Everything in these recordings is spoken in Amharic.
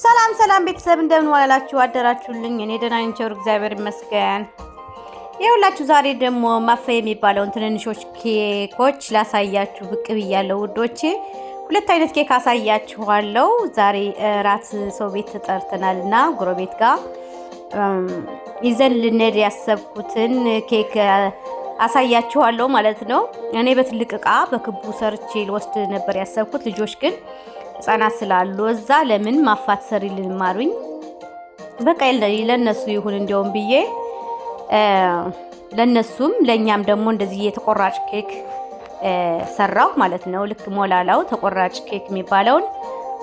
ሰላም ሰላም ቤተሰብ እንደምን ዋላችሁ አደራችሁልኝ? እኔ ደህና ነኝ፣ ቸሩ እግዚአብሔር ይመስገን። የሁላችሁ ዛሬ ደግሞ ማፈ የሚባለውን ትንንሾች ኬኮች ላሳያችሁ ብቅ ብያለሁ ውዶቼ። ሁለት አይነት ኬክ አሳያችኋለሁ። ዛሬ እራት ሰው ቤት ተጠርተናል እና ጎረቤት ጋር ይዘን ልንሄድ ያሰብኩትን ኬክ አሳያችኋለሁ ማለት ነው። እኔ በትልቅ እቃ በክቡ ሰርቼ ልወስድ ነበር ያሰብኩት ልጆች ግን ህጻናት ስላሉ እዛ ለምን ማፋት ሰሪልን ማሩኝ በቃ ለነሱ ይሁን እንዲያውም ብዬ ለነሱም ለእኛም ደግሞ እንደዚህ የተቆራጭ ኬክ ሰራሁ ማለት ነው። ልክ ሞላላው ተቆራጭ ኬክ የሚባለውን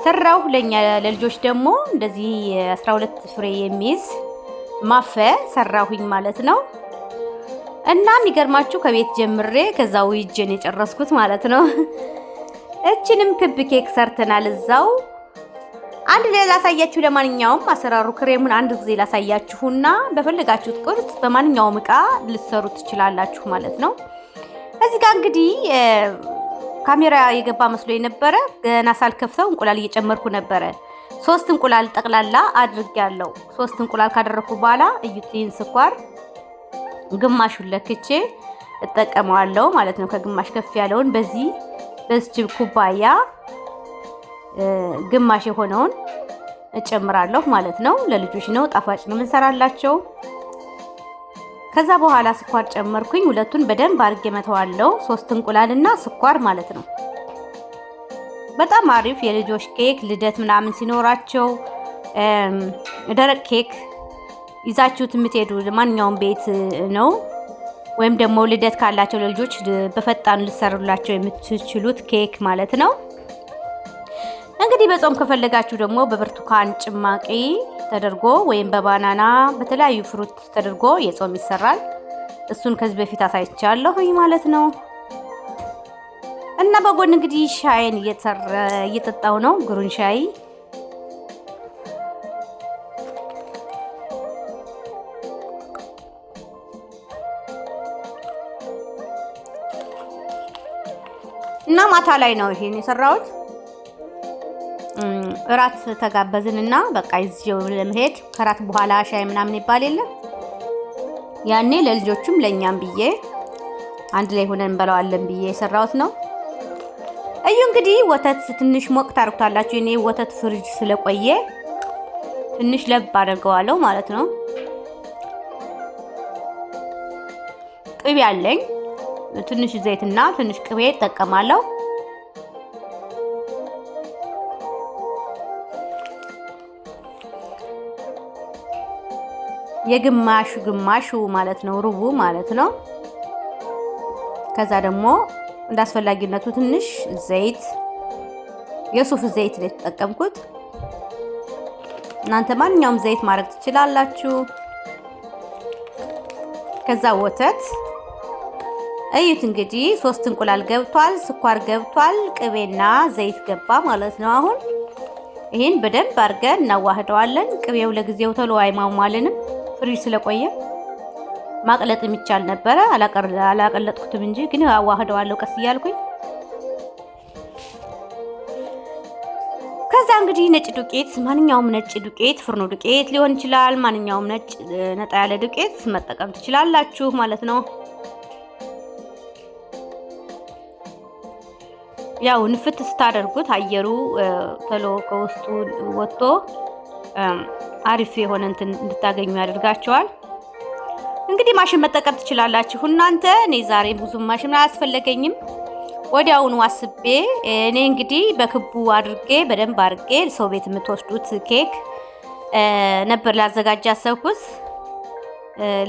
ሰራሁ። ለእኛ ለልጆች ደግሞ እንደዚህ 12 ፍሬ የሚይዝ ማፈ ሰራሁኝ ማለት ነው። እና የሚገርማችሁ ከቤት ጀምሬ ከዛው ይጄን የጨረስኩት ማለት ነው። እችንም ክብ ኬክ ሰርተናል እዛው አንድ ላይ ላሳያችሁ። ለማንኛውም አሰራሩ ክሬሙን አንድ ጊዜ ላሳያችሁና በፈለጋችሁት ቅርጽ በማንኛውም እቃ ልትሰሩ ትችላላችሁ ማለት ነው። እዚህ ጋር እንግዲህ ካሜራ የገባ መስሎ የነበረ ገና ሳልከፍተው እንቁላል እየጨመርኩ ነበረ። ሶስት እንቁላል ጠቅላላ አድርጌያለሁ። ሶስት እንቁላል ካደረኩ በኋላ እዩትን ስኳር ግማሹን ለክቼ እጠቀመዋለሁ ማለት ነው። ከግማሽ ከፍ ያለውን በዚህ በስጅብ ኩባያ ግማሽ የሆነውን እጨምራለሁ ማለት ነው። ለልጆች ነው ጣፋጭ ነው የምንሰራላቸው። ከዛ በኋላ ስኳር ጨመርኩኝ። ሁለቱን በደንብ አድርጌ መተዋለሁ። ሶስት እንቁላልና ስኳር ማለት ነው። በጣም አሪፍ የልጆች ኬክ ልደት ምናምን ሲኖራቸው ደረቅ ኬክ ይዛችሁት የምትሄዱ ማንኛውም ቤት ነው ወይም ደግሞ ልደት ካላቸው ለልጆች በፈጣኑ ልትሰሩላቸው የምትችሉት ኬክ ማለት ነው። እንግዲህ በጾም ከፈለጋችሁ ደግሞ በብርቱካን ጭማቂ ተደርጎ ወይም በባናና በተለያዩ ፍሩት ተደርጎ የጾም ይሰራል። እሱን ከዚህ በፊት አሳይቻለሁኝ ማለት ነው። እና በጎን እንግዲህ ሻይን እየጠጣው ነው ግሩን ሻይ እና ማታ ላይ ነው ይሄን የሰራሁት። እራት ተጋበዝን እና በቃ ይዤው ለመሄድ ከራት በኋላ ሻይ ምናምን ይባል የለ ያኔ ለልጆቹም ለእኛም ብዬ አንድ ላይ ሆነን እንበላዋለን ብዬ የሰራሁት ነው። እዩ እንግዲህ ወተት ትንሽ ሞቅ ታርጉታላችሁ። እኔ ወተት ፍሪጅ ስለቆየ ትንሽ ለብ አድርገዋለሁ ማለት ነው። ቅቤ አለኝ ትንሽ ዘይትና ትንሽ ቅቤ እጠቀማለሁ። የግማሹ ግማሹ ማለት ነው፣ ሩቡ ማለት ነው። ከዛ ደግሞ እንዳስፈላጊነቱ አስፈላጊነቱ ትንሽ ዘይት፣ የሱፍ ዘይት ነው የተጠቀምኩት። እናንተ ማንኛውም ዘይት ማድረግ ትችላላችሁ። ከዛ ወተት እዩት እንግዲህ ሶስት እንቁላል ገብቷል፣ ስኳር ገብቷል፣ ቅቤና ዘይት ገባ ማለት ነው። አሁን ይህን በደንብ አድርገን እናዋህደዋለን። ቅቤው ለጊዜው ተሎ አይሟሟልንም፣ ፍሪጅ ስለቆየ ማቅለጥ የሚቻል ነበረ። አላቀለጥኩትም እንጂ ግን አዋህደዋለሁ ቀስ እያልኩኝ። ከዛ እንግዲህ ነጭ ዱቄት፣ ማንኛውም ነጭ ዱቄት ፍርኖ ዱቄት ሊሆን ይችላል። ማንኛውም ነጭ ነጣ ያለ ዱቄት መጠቀም ትችላላችሁ ማለት ነው። ያው ንፍት ስታደርጉት አየሩ ቶሎ ከውስጡ ወጥቶ አሪፍ የሆነ እንትን እንድታገኙ ያደርጋቸዋል። እንግዲህ ማሽን መጠቀም ትችላላችሁ እናንተ። እኔ ዛሬ ብዙም ማሽን አያስፈለገኝም፣ ወዲያውኑ አስቤ እኔ እንግዲህ በክቡ አድርጌ በደንብ አድርጌ ሰው ቤት የምትወስዱት ኬክ ነበር ላዘጋጅ ያሰብኩት።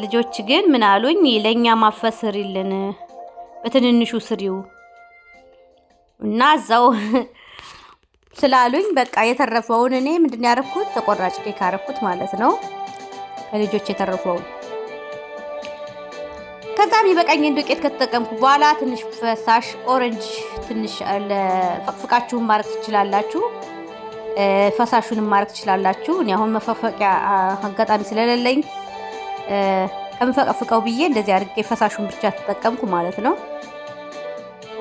ልጆች ግን ምን አሉኝ፣ ለእኛ ማፈስሪልን በትንንሹ ስሪው እና እዛው ስላሉኝ በቃ የተረፈውን እኔ ምንድን ያደረኩት ተቆራጭ ኬክ አደረኩት ማለት ነው። ከልጆች የተረፈውን ከዛም የበቃኝን ዱቄት ከተጠቀምኩ በኋላ ትንሽ ፈሳሽ ኦረንጅ ትንሽ ለፈቅፍቃችሁን ማድረግ ትችላላችሁ፣ ፈሳሹንም ማድረግ ትችላላችሁ። እኔ አሁን መፈፈቂያ አጋጣሚ ስለሌለኝ ከምፈቀፍቀው ብዬ እንደዚህ አድርጌ ፈሳሹን ብቻ ተጠቀምኩ ማለት ነው።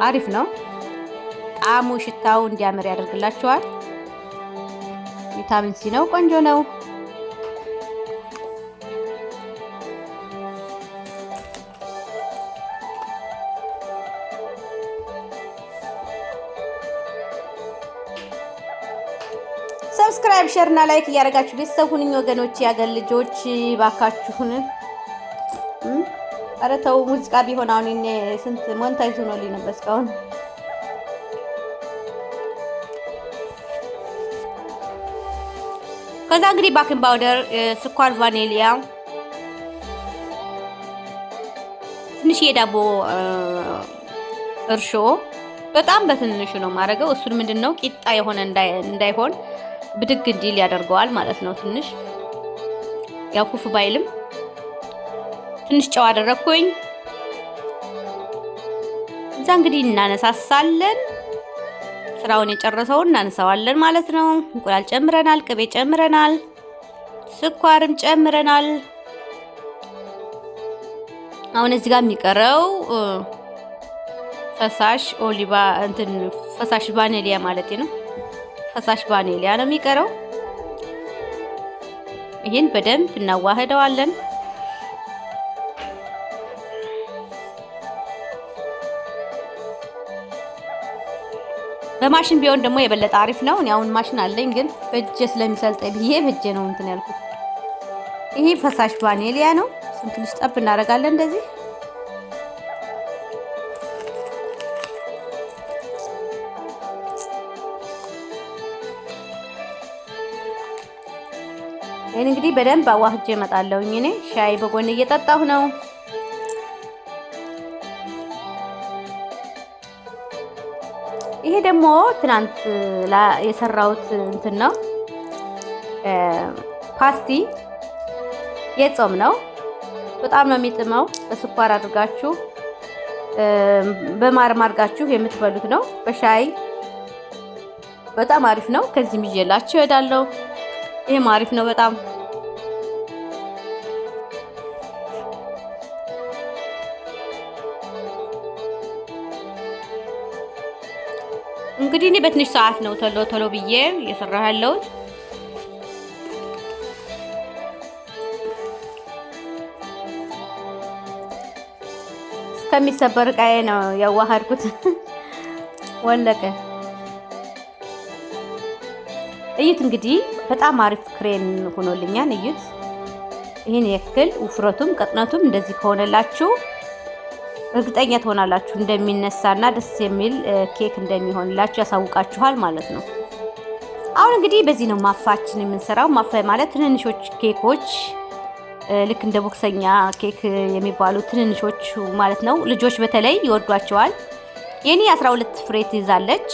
አሪፍ ነው። ጣዕሙ፣ ሽታው እንዲያምር ያደርግላችኋል። ቪታሚን ሲ ነው፣ ቆንጆ ነው። ሰብስክራይብ ሼር እና ላይክ እያደረጋችሁ ቤተሰብ ሁኑኝ ወገኖች፣ ያገር ልጆች ባካችሁን። ኧረ ተው ሙዚቃ ቢሆን አሁን ስንት ሞንታይዝ ሆኖልኝ ነበር እስካሁን ከዛ እንግዲህ ባኪንግ ፓውደር፣ ስኳር፣ ቫኒሊያ ትንሽ የዳቦ እርሾ በጣም በትንሹ ነው ማድረገው። እሱን ምንድን ነው ቂጣ የሆነ እንዳይሆን ብድግ እንዲል ያደርገዋል ማለት ነው። ትንሽ ያው ኩፍ ባይልም ትንሽ ጨው አደረግኩኝ። እዛ እንግዲህ እናነሳሳለን። ስራውን የጨረሰው እናንሰዋለን ማለት ነው። እንቁላል ጨምረናል፣ ቅቤ ጨምረናል፣ ስኳርም ጨምረናል። አሁን እዚህ ጋር የሚቀረው ፈሳሽ ኦሊቫ እንትን ፈሳሽ ቫኔሊያ ማለት ነው። ፈሳሽ ቫኔሊያ ነው የሚቀረው። ይህን በደንብ እናዋህደዋለን። በማሽን ቢሆን ደግሞ የበለጠ አሪፍ ነው። እኔ አሁን ማሽን አለኝ፣ ግን በእጄ ስለሚሰልጠኝ ብዬ በእጄ ነው እንትን ያልኩት። ይሄ ፈሳሽ ቫኔሊያ ነው። እሱን ትንሽ ጠብ እናደርጋለን እንደዚህ ይህን እንግዲህ በደንብ አዋህጄ እመጣለሁኝ። እኔ ሻይ በጎን እየጠጣሁ ነው። ደግሞ ትናንት የሰራሁት እንትን ነው ፓስቲ የጾም ነው። በጣም ነው የሚጥመው። በስኳር አድርጋችሁ በማርም አድርጋችሁ የምትበሉት ነው። በሻይ በጣም አሪፍ ነው። ከዚህም ይዤላችሁ እሄዳለሁ። ይህም አሪፍ ነው በጣም እንግዲህ እኔ በትንሽ ሰዓት ነው ቶሎ ቶሎ ብዬ እየሰራሁ ያለሁት። እስከሚሰበር እቃዬ ነው ያዋሃድኩት። ወለቀ እዩት እንግዲህ በጣም አሪፍ ክሬም ሆኖልኛል። እዩት ይህን ያክል ውፍረቱም ቀጥነቱም እንደዚህ ከሆነላችሁ እርግጠኛ ትሆናላችሁ እንደሚነሳና ደስ የሚል ኬክ እንደሚሆንላችሁ ያሳውቃችኋል ማለት ነው። አሁን እንግዲህ በዚህ ነው ማፋችን የምንሰራው። ማፋ ማለት ትንንሾች ኬኮች ልክ እንደ ቦክሰኛ ኬክ የሚባሉ ትንንሾች ማለት ነው። ልጆች በተለይ ይወዷቸዋል። የኔ 12 ፍሬ ትይዛለች።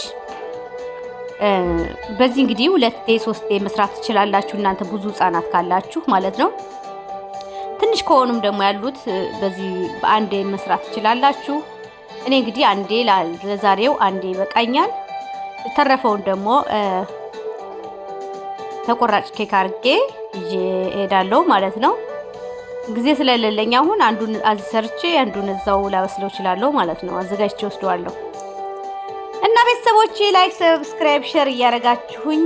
በዚህ እንግዲህ ሁለቴ ሶስቴ መስራት ትችላላችሁ እናንተ ብዙ ህጻናት ካላችሁ ማለት ነው። ትንሽ ከሆኑም ደግሞ ያሉት በዚህ በአንዴ መስራት ትችላላችሁ። እኔ እንግዲህ አንዴ ለዛሬው አንዴ ይበቃኛል። ተረፈውን ደግሞ ተቆራጭ ኬክ አርጌ እሄዳለሁ ማለት ነው። ጊዜ ስለሌለኝ አሁን አንዱን እዚህ ሰርቼ አንዱን እዛው ላበስለው እችላለሁ ማለት ነው። አዘጋጅቼ ወስደዋለሁ እና ቤተሰቦቼ ላይክ፣ ሰብስክራይብ፣ ሼር እያደረጋችሁኝ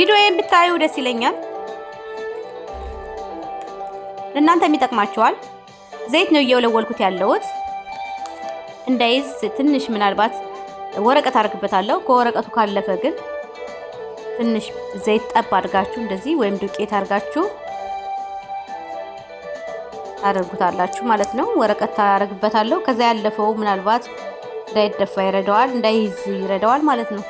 ቪዲዮ ብታዩ ደስ ይለኛል። ለእናንተም ይጠቅማችኋል። ዘይት ነው እየወለወልኩት ያለሁት እንዳይዝ ትንሽ ምናልባት ወረቀት አድርግበታለሁ። ከወረቀቱ ካለፈ ግን ትንሽ ዘይት ጠብ አድርጋችሁ እንደዚህ ወይም ዱቄት አድርጋችሁ ታደርጉታላችሁ ማለት ነው። ወረቀት ታደርግበታለሁ። ከዛ ያለፈው ምናልባት እንዳይደፋ ይረዳዋል፣ እንዳይዝ ይረዳዋል ማለት ነው።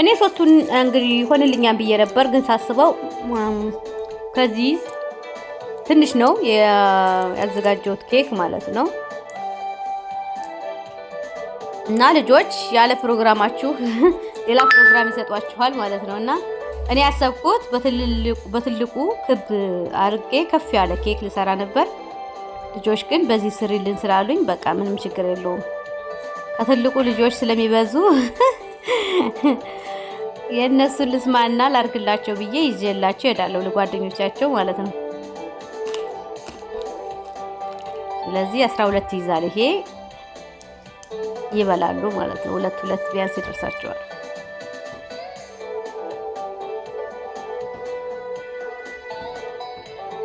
እኔ ሶስቱን እንግዲህ ይሆንልኛል ብዬ ነበር፣ ግን ሳስበው ከዚህ ትንሽ ነው ያዘጋጀሁት ኬክ ማለት ነው። እና ልጆች ያለ ፕሮግራማችሁ ሌላ ፕሮግራም ይሰጧችኋል ማለት ነው። እና እኔ ያሰብኩት በትልቁ ክብ አርጌ ከፍ ያለ ኬክ ልሰራ ነበር። ልጆች ግን በዚህ ስሪልን ስላሉኝ በቃ ምንም ችግር የለውም። ከትልቁ ልጆች ስለሚበዙ የእነሱን ልስማና ላርግላቸው ብዬ ይዤላቸው እሄዳለሁ ለጓደኞቻቸው ማለት ነው። ስለዚህ አስራ ሁለት ይይዛል ይሄ ይበላሉ ማለት ነው። ሁለት ሁለት ቢያንስ ይደርሳቸዋል።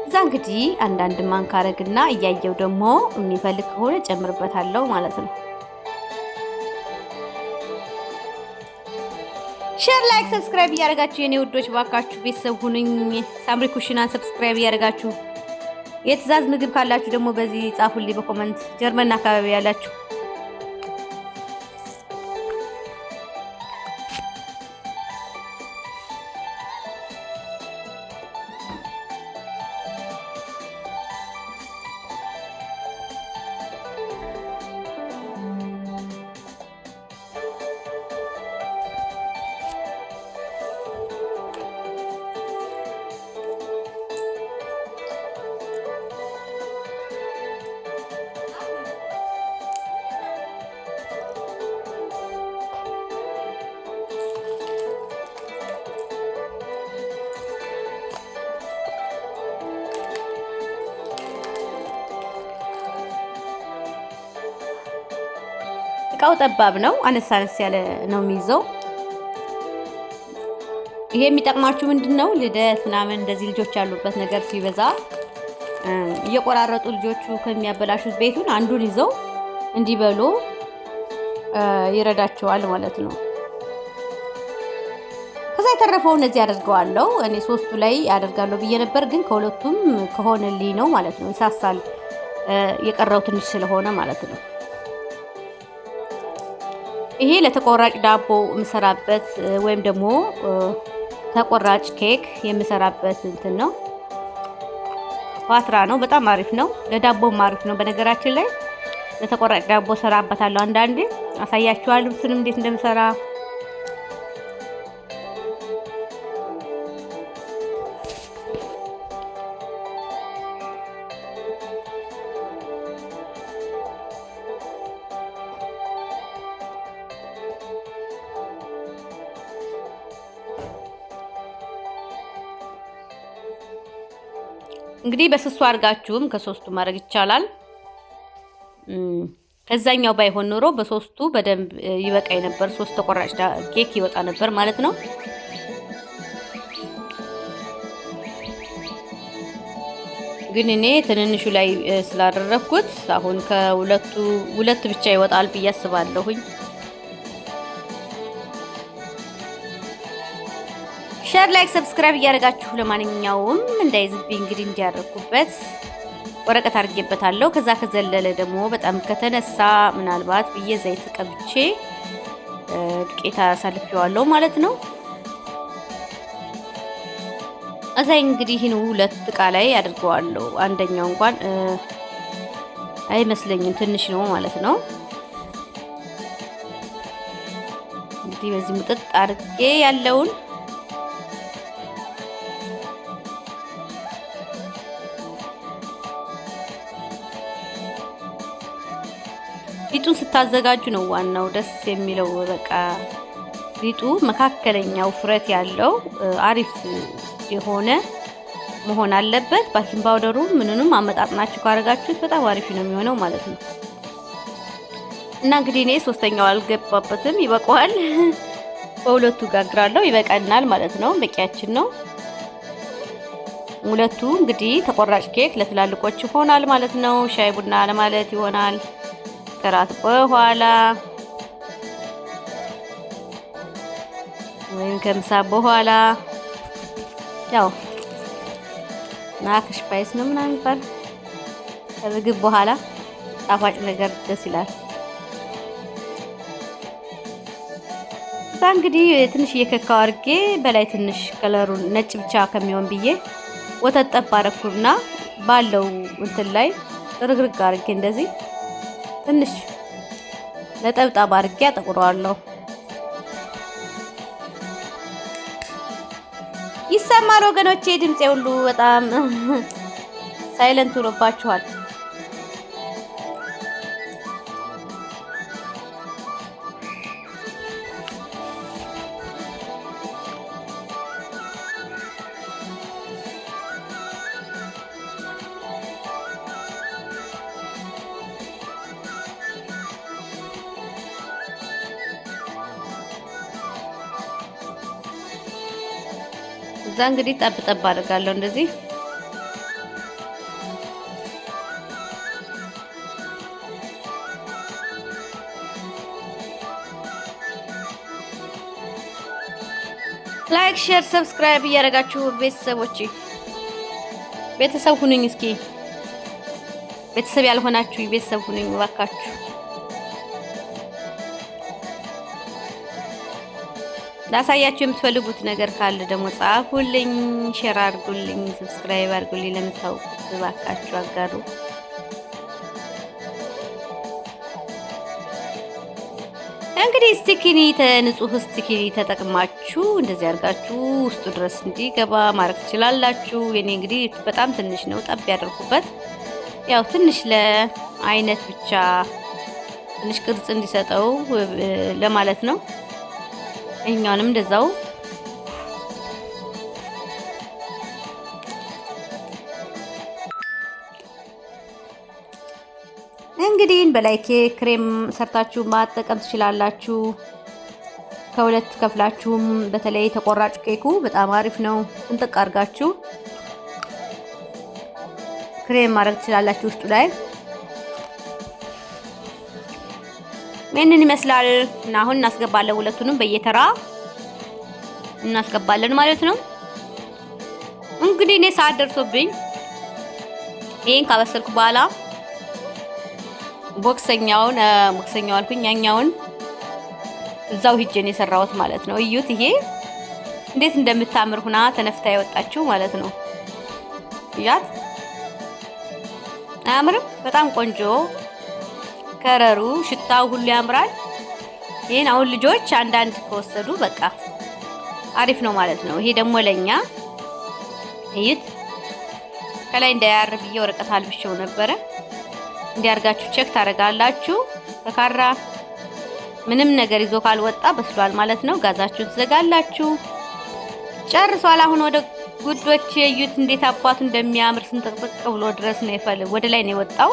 እዛ እንግዲህ አንዳንድ ማንካረግና እያየው ደግሞ የሚፈልግ ከሆነ ጨምርበታለሁ ማለት ነው። ሰብስክራይብ እያደረጋችሁ የኔ ውዶች ባካችሁ ቤተሰብ ሁኑኝ። ሳምሪ ኩሽናን ሰብስክራይብ እያደረጋችሁ የትእዛዝ ምግብ ካላችሁ ደግሞ በዚህ ጻፉልኝ በኮመንት ጀርመን አካባቢ ያላችሁ እቃው ጠባብ ነው፣ አነሳ አነስ ያለ ነው የሚይዘው። ይሄ የሚጠቅማችሁ ምንድን ነው ልደት ምናምን እንደዚህ ልጆች ያሉበት ነገር ሲበዛ እየቆራረጡ ልጆቹ ከሚያበላሹት ቤቱን አንዱን ይዘው እንዲበሉ ይረዳቸዋል ማለት ነው። ከዛ የተረፈው እነዚህ አደርገዋለሁ እኔ ሶስቱ ላይ አደርጋለሁ ብዬ ነበር፣ ግን ከሁለቱም ከሆነልኝ ነው ማለት ነው። ይሳሳል የቀረው ትንሽ ስለሆነ ማለት ነው። ይሄ ለተቆራጭ ዳቦ የምሰራበት ወይም ደግሞ ተቆራጭ ኬክ የምሰራበት እንትን ነው። ፓትራ ነው። በጣም አሪፍ ነው። ለዳቦም አሪፍ ነው። በነገራችን ላይ ለተቆራጭ ዳቦ ሰራበታለሁ። አንዳንዴ አሳያችኋለሁ እሱንም እንዴት እንደምሰራ እንግዲህ በስሱ አድርጋችሁም ከሶስቱ ማድረግ ይቻላል። ከዛኛው ባይሆን ኖሮ በሶስቱ በደንብ ይበቃ ነበር። ሶስት ተቆራጭ ኬክ ይወጣ ነበር ማለት ነው። ግን እኔ ትንንሹ ላይ ስላደረኩት አሁን ከሁለቱ ሁለት ብቻ ይወጣል ብዬ አስባለሁኝ። ሸር፣ ላይክ፣ ሰብስክራይብ እያደረጋችሁ ለማንኛውም እንዳይዝብኝ እንግዲህ እንዲያደርጉበት ወረቀት አድርጌበታለሁ። ከዛ ከዘለለ ደግሞ በጣም ከተነሳ ምናልባት ብዬ ዘይት ቀብቼ ዱቄት አሳልፌዋለሁ ማለት ነው። እዛይ እንግዲህ ይህን ሁለት እቃ ላይ አድርገዋለሁ። አንደኛው እንኳን አይመስለኝም ትንሽ ነው ማለት ነው። እንግዲህ በዚህ ምጥጥ አድርጌ ያለውን ስታዘጋጁ ነው ዋናው ደስ የሚለው። በቃ ሊጡ መካከለኛ ውፍረት ያለው አሪፍ የሆነ መሆን አለበት። ባኪንግ ፓውደሩ ምንንም አመጣጥናችሁ ካረጋችሁት በጣም አሪፍ ነው የሚሆነው ማለት ነው። እና እንግዲህ እኔ ሶስተኛው አልገባበትም፣ ይበቃዋል። በሁለቱ ጋግራለሁ፣ ይበቃናል ማለት ነው። በቂያችን ነው። ሁለቱ እንግዲህ ተቆራጭ ኬክ ለትላልቆች ይሆናል ማለት ነው። ሻይ ቡና ለማለት ይሆናል። ከራት በኋላ ወይም ከምሳ በኋላ ያው ናክሽ ፓይስ ነው ምናምን ይባል። ከምግብ በኋላ ጣፋጭ ነገር ደስ ይላል። እዛ እንግዲህ ትንሽ እየከካው አድርጌ በላይ ትንሽ ከለሩን ነጭ ብቻ ከሚሆን ብዬ ወተት ጠብ አደረኩና ባለው እንትን ላይ ጥርግርግ አድርጌ እንደዚህ ትንሽ ነጠብጣብ አድርጌ አጠቁረዋለሁ። ይሰማል ወገኖቼ፣ ድምፄ ሁሉ በጣም ሳይለንት ሆኖባችኋል። እንግዲህ ጠብ ጠብ አድርጋለሁ እንደዚህ ላይክ፣ ሼር፣ ሰብስክራይብ እያደረጋችሁ ቤተሰቦች ቤተሰብ ሁኑኝ። እስኪ ቤተሰብ ያልሆናችሁ ቤተሰብ ሁኑኝ እባካችሁ። ላሳያችሁ የምትፈልጉት ነገር ካለ ደግሞ ጻፉልኝ፣ ሼር አድርጉልኝ፣ ሰብስክራይብ አድርጉልኝ። ለምታውቁት እባካችሁ አጋሩ። እንግዲህ ስቲኪኒ ንጹህ ስቲኪኒ ተጠቅማችሁ እንደዚህ አድርጋችሁ ውስጡ ድረስ እንዲገባ ማድረግ ትችላላችሁ። የኔ እንግዲህ በጣም ትንሽ ነው፣ ጠብ ያደርጉበት። ያው ትንሽ ለአይነት ብቻ ትንሽ ቅርጽ እንዲሰጠው ለማለት ነው። እኛንም እንደዛው እንግዲህ በላይ ክሬም ሰርታችሁ ማጠቀም ትችላላችሁ። ከሁለት ከፍላችሁም በተለይ ተቆራጭ ኬኩ በጣም አሪፍ ነው። እንጥቅ አድርጋችሁ ክሬም ማድረግ ትችላላችሁ ውስጡ ላይ ይህንን ይመስላል እና አሁን እናስገባለን። ሁለቱንም በየተራ እናስገባለን ማለት ነው። እንግዲህ እኔ ሰዓት ደርሶብኝ ይሄን ካበሰልኩ በኋላ ቦክሰኛውን ቦክሰኛው አልኩኝ ያኛውን እዛው ሂጄ የሰራሁት ማለት ነው። እዩት፣ ይሄ እንዴት እንደምታምር ሁና ተነፍታ የወጣችው ማለት ነው። እያት አያምርም? በጣም ቆንጆ ከረሩ ሽታው ሁሉ ያምራል። ይህን አሁን ልጆች አንዳንድ ከወሰዱ በቃ አሪፍ ነው ማለት ነው። ይሄ ደግሞ ለኛ እይት ከላይ እንዳያር ብዬ ወረቀት አልብሼው ነበረ። እንዲያርጋችሁ ቼክ ታደርጋላችሁ። በካራ ምንም ነገር ይዞ ካልወጣ በስሏል ማለት ነው። ጋዛችሁን ትዘጋላችሁ። ጨርሷል። አሁን ወደ ጉዶች የዩት እንዴት አባቱ እንደሚያምር ስንጥቅጥቅ ብሎ ድረስ ነው ይፈል ወደ ላይ ነው የወጣው።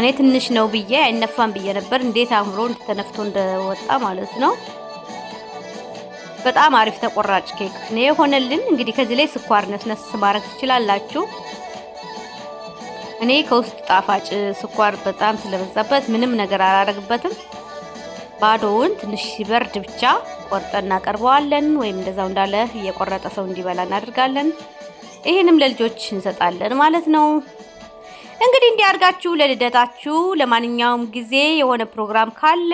እኔ ትንሽ ነው ብዬ አይነፋም ብዬ ነበር። እንዴት አምሮ ተነፍቶ እንደወጣ ማለት ነው። በጣም አሪፍ ተቆራጭ ኬክ ነው የሆነልን። እንግዲህ ከዚህ ላይ ስኳር ነስነስ ማድረግ ትችላላችሁ። እኔ ከውስጥ ጣፋጭ ስኳር በጣም ስለበዛበት ምንም ነገር አላደርግበትም። ባዶውን ትንሽ ሲበርድ ብቻ ቆርጠን እናቀርበዋለን። ወይም እንደዛው እንዳለ እየቆረጠ ሰው እንዲበላ እናደርጋለን። ይህንም ለልጆች እንሰጣለን ማለት ነው። እንግዲህ እንዲያርጋችሁ ለልደታችሁ፣ ለማንኛውም ጊዜ የሆነ ፕሮግራም ካለ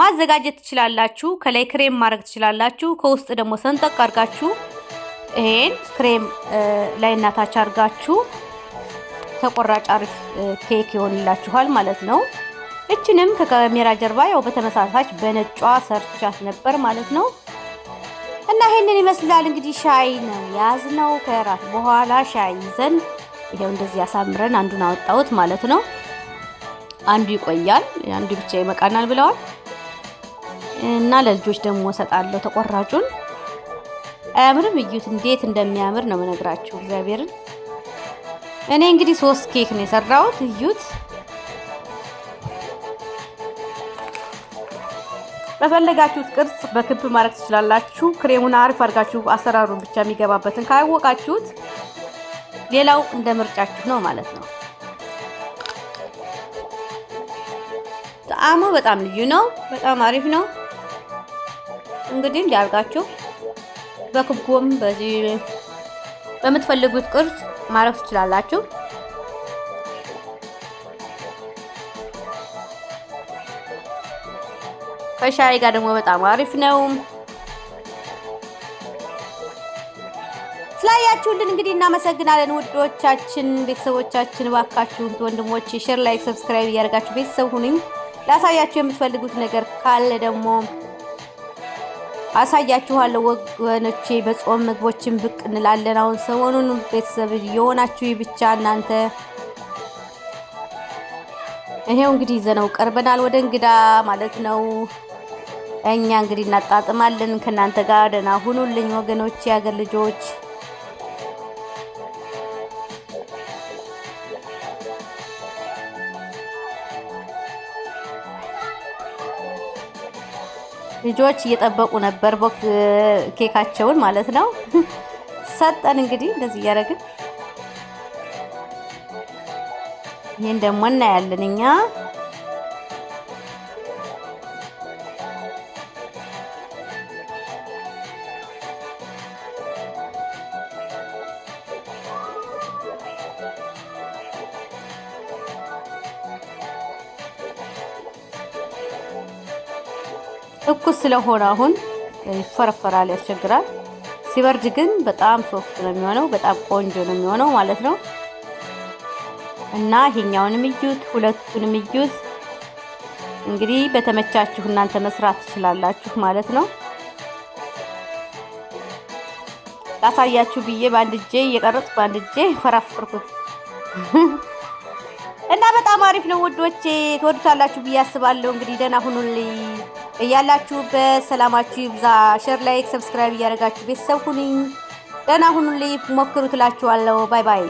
ማዘጋጀት ትችላላችሁ። ከላይ ክሬም ማድረግ ትችላላችሁ። ከውስጥ ደግሞ ሰንጠቅ አድርጋችሁ ይሄን ክሬም ላይ እናታች አድርጋችሁ ተቆራጭ አሪፍ ኬክ ይሆንላችኋል ማለት ነው። እችንም ከካሜራ ጀርባ ያው በተመሳሳች በነጯ ሰርቻት ነበር ማለት ነው። እና ይሄንን ይመስላል እንግዲህ ሻይ ነው ያዝነው። ከራት በኋላ ሻይ ይዘን ይሄው እንደዚህ አሳምረን አንዱን አወጣሁት ማለት ነው። አንዱ ይቆያል፣ አንዱ ብቻ ይመቃናል ብለዋል እና ለልጆች ደግሞ እሰጣለሁ ተቆራጩን። አያምርም? እዩት እንዴት እንደሚያምር ነው የምነግራችሁ እግዚአብሔርን። እኔ እንግዲህ ሶስት ኬክ ነው የሰራሁት። እዩት በፈለጋችሁት ቅርጽ በክብ ማድረግ ትችላላችሁ። ክሬሙን አሪፍ አድርጋችሁ አሰራሩን ብቻ የሚገባበትን ካወቃችሁት ሌላው እንደ ምርጫችሁ ነው ማለት ነው። ጣዕሙ በጣም ልዩ ነው። በጣም አሪፍ ነው። እንግዲህ እንዲያልጋችሁ በክቦም በዚህ በምትፈልጉት ቅርጽ ማረፍ ትችላላችሁ። ከሻይ ጋር ደግሞ በጣም አሪፍ ነው። ስላያችሁልን እንግዲህ እናመሰግናለን ውዶቻችን፣ ቤተሰቦቻችን። እባካችሁን ወንድሞች ሼር፣ ላይክ፣ ሰብስክራይብ እያደርጋችሁ ቤተሰብ ሁኑኝ። ላሳያችሁ የምትፈልጉት ነገር ካለ ደግሞ አሳያችኋለሁ ወገኖቼ። በጾም ምግቦችን ብቅ እንላለን። አሁን ሰሞኑን ቤተሰብ የሆናችሁ ብቻ እናንተ ይሄው እንግዲህ ይዘነው ቀርበናል፣ ወደ እንግዳ ማለት ነው። እኛ እንግዲህ እናጣጥማለን። ከእናንተ ጋር ደህና ሁኑልኝ ወገኖች፣ የአገር ልጆች ልጆች እየጠበቁ ነበር ኬካቸውን ማለት ነው። ሰጠን እንግዲህ እንደዚህ እያደረግን ይህን ደግሞ እናያለን እኛ ስለሆነ አሁን ይፈረፈራል፣ ያስቸግራል። ሲበርድ ግን በጣም ሶፍት ነው የሚሆነው፣ በጣም ቆንጆ ነው የሚሆነው ማለት ነው። እና ይሄኛውንም እዩት፣ ሁለቱንም እዩት። እንግዲህ በተመቻችሁ እናንተ መስራት ትችላላችሁ ማለት ነው። ላሳያችሁ ብዬ በአንድ እጄ እየቀረጽኩ በአንድ እጄ ፈራፍርኩት። እና በጣም አሪፍ ነው ውዶቼ፣ ትወዱታላችሁ ብዬ አስባለሁ። እንግዲህ ደህና ሁኑልኝ እያላችሁበት ሰላማችሁ ይብዛ። ሼር፣ ላይክ፣ ሰብስክራይብ እያደረጋችሁ ቤተሰብ ሁኑኝ። ደህና ሁኑልኝ፣ ሞክሩት እላችኋለሁ። ባይ ባይ።